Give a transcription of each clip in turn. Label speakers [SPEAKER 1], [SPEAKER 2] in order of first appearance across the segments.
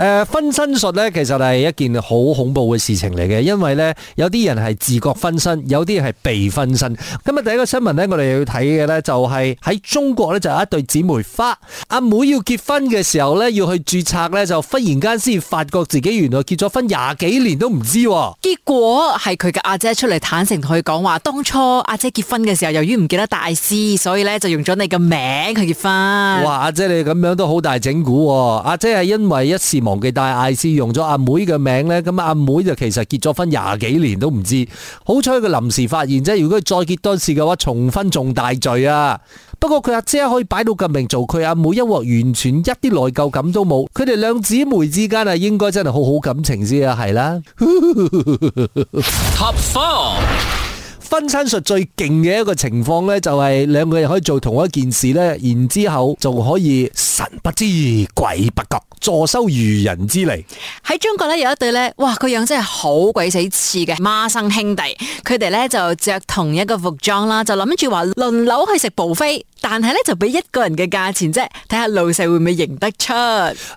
[SPEAKER 1] 誒、呃，分身術咧，其實係一件好恐怖嘅事情嚟嘅，因為咧，有啲人係自覺分身，有啲係被分身。今日第一個新聞咧，我哋要睇嘅咧就係、是、喺中國咧就有、是、一對姊妹花。阿妹要結婚嘅時候咧，要去註冊咧，就忽然間先發覺自己原來結咗婚廿
[SPEAKER 2] 幾年都唔知、啊。結果係佢嘅阿姐出嚟坦誠同佢講話，當初阿姐結婚嘅時候，由於唔記得大師，所以咧就用咗你嘅名去結婚。哇，阿姐
[SPEAKER 1] 你咁樣都好大整蠱喎、啊！阿姐係因為一時忘記，但艾思用咗阿妹嘅名呢？咁阿妹就其實結咗婚廿幾年都唔知，好彩佢臨時發現啫，如果再結多次嘅話重婚重大罪啊！不過佢阿姐，姐可以擺到咁明做，佢阿妹一鑊完全一啲內疚感都冇，佢哋兩姊妹之間啊，應該真係好好感情先啊，係啦。 Top five. 分身術最勁嘅一個情況咧，就係兩個人可以做同一件事咧，然之後就可以神不知鬼不覺，坐收漁人之利。
[SPEAKER 2] 喺中國咧，有一對咧，哇，個樣真係好鬼死似嘅孖生兄弟，佢哋咧就着同一個服裝啦，就諗住話輪流去食 buffet，但係咧就俾一個人嘅價錢啫，睇下老細會唔會認得出。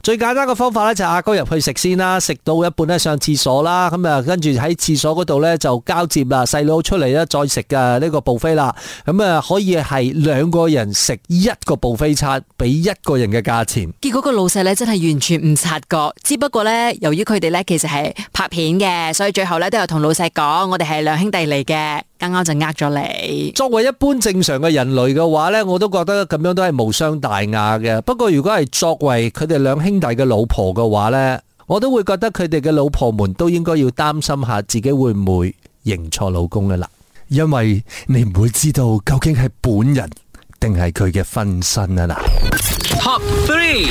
[SPEAKER 2] 最簡單嘅方法咧，就阿哥入去食先啦，食到一半咧上廁
[SPEAKER 1] 所啦，咁啊跟住喺廁所度咧就交接啦，細佬出嚟啦。再食噶呢個布菲啦，咁啊可以係兩個人食一個布菲餐，俾一個人嘅價錢。
[SPEAKER 2] 結果個老細咧真係完全唔察覺，只不過呢，由於佢哋呢其實係拍片嘅，所以最後呢都有同老細講，我哋係兩兄弟嚟嘅，啱啱就呃咗你。
[SPEAKER 1] 作為一般正常嘅人類嘅話呢，我都覺得咁樣都係無傷大雅嘅。不過如果係作為佢哋兩兄弟嘅老婆嘅話呢，我都會覺得佢哋嘅老婆們都應該要擔心下自己會唔會認錯老公噶啦。因為你唔會知道究竟係本人定係佢嘅分身啊！嗱，Top Three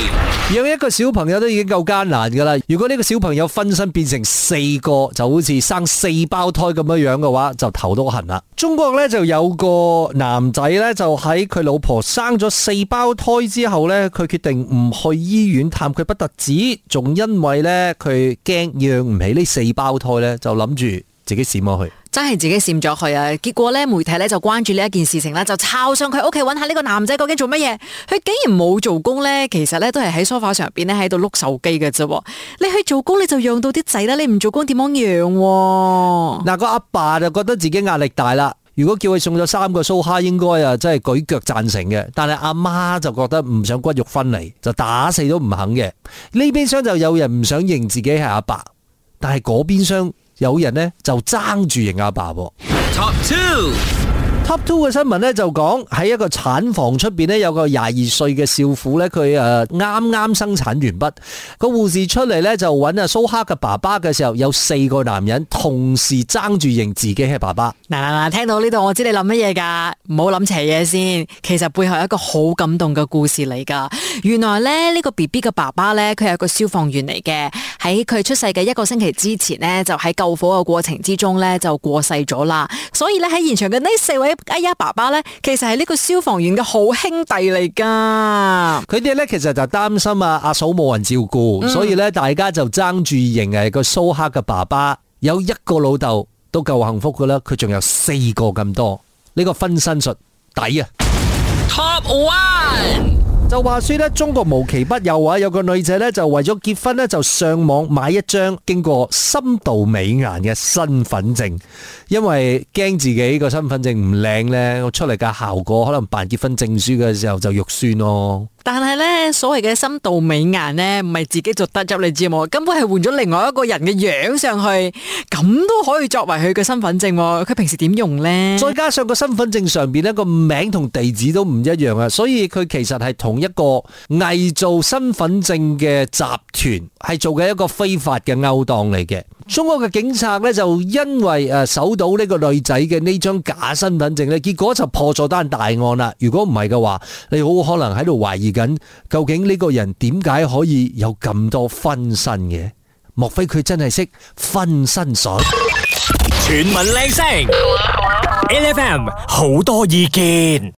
[SPEAKER 1] 養一個小朋友都已經夠艱難噶啦，如果呢個小朋友分身變成四個，就好似生四胞胎咁樣樣嘅話，就頭都痕啦。中國呢就有個男仔呢，就喺佢老婆生咗四胞胎之後呢，佢決定唔去醫院探佢不得止，仲因為呢，佢驚養唔起呢四胞胎呢，就諗住。自己閃咗去，
[SPEAKER 2] 真係自己閃咗佢啊！結果呢，媒體呢就關注呢一件事情啦，就抄上佢屋企揾下呢個男仔究竟做乜嘢？佢竟然冇做工呢，其實呢都係喺梳化上邊咧喺度碌手機嘅啫。你去做工你就養到啲仔啦，你唔做工點樣養，啊？嗱、啊，個阿爸，爸就覺得自己壓力大啦。如果叫佢送咗
[SPEAKER 1] 三個蘇蝦，應該啊真係舉腳贊成嘅。但係阿媽就覺得唔想骨肉分離，就打死都唔肯嘅。呢邊廂就有人唔想認自己係阿爸，爸，但係嗰邊廂。有人咧就爭住認阿爸喎。Top two. Top Two 嘅新聞咧就講喺一個產房出邊呢有個廿二歲嘅少婦咧佢誒啱啱生產完畢個護士出嚟咧就揾阿蘇克嘅爸爸嘅時候有四個男人同時爭住認自己係爸爸
[SPEAKER 2] 嗱嗱嗱聽到呢度我知你諗乜嘢噶唔好諗邪嘢先其實背後一個好感動嘅故事嚟噶原來咧呢、這個 B B 嘅爸爸咧佢係一個消防員嚟嘅喺佢出世嘅一個星期之前呢，就喺救火嘅過程之中咧就過世咗啦所以咧喺現場嘅呢四位。哎呀，爸爸呢？其實係呢個消防員嘅好兄弟嚟噶。佢哋呢，其實
[SPEAKER 1] 就擔心啊，阿嫂冇人照顧，嗯、所以呢，大家就爭住認係個蘇蝦嘅爸爸。有一個老豆都夠幸福噶啦，佢仲有四個咁多，呢、這個分身術抵啊
[SPEAKER 2] ！Top one。
[SPEAKER 1] 就話說咧，中國無奇不有啊！有個女仔咧，就為咗結婚咧，就上網買一張經過深度美顏嘅身份證，因為驚自己個身份證唔靚呢，出嚟嘅效果可能辦結婚證書嘅時候就肉酸咯。
[SPEAKER 2] 但係呢，所謂嘅深度美顏呢，唔係自己做特入嚟做，根本係換咗另外一個人嘅樣上去，咁都可以作為佢嘅身份證。佢平時點用呢？再加上個身份
[SPEAKER 1] 證上邊呢個名同地址都唔一樣啊，所以佢其實係同一個偽造身份證嘅集團，係做嘅一個非法嘅勾當嚟嘅。中國嘅警察咧就因為誒搜到呢個女仔嘅呢張假身份證咧，結果就破咗單大案啦。如果唔係嘅話，你好可能喺度懷疑緊究竟呢個人點解可以有咁多分身嘅？莫非佢真係識分身術？全民靚聲，L F M 好多意見。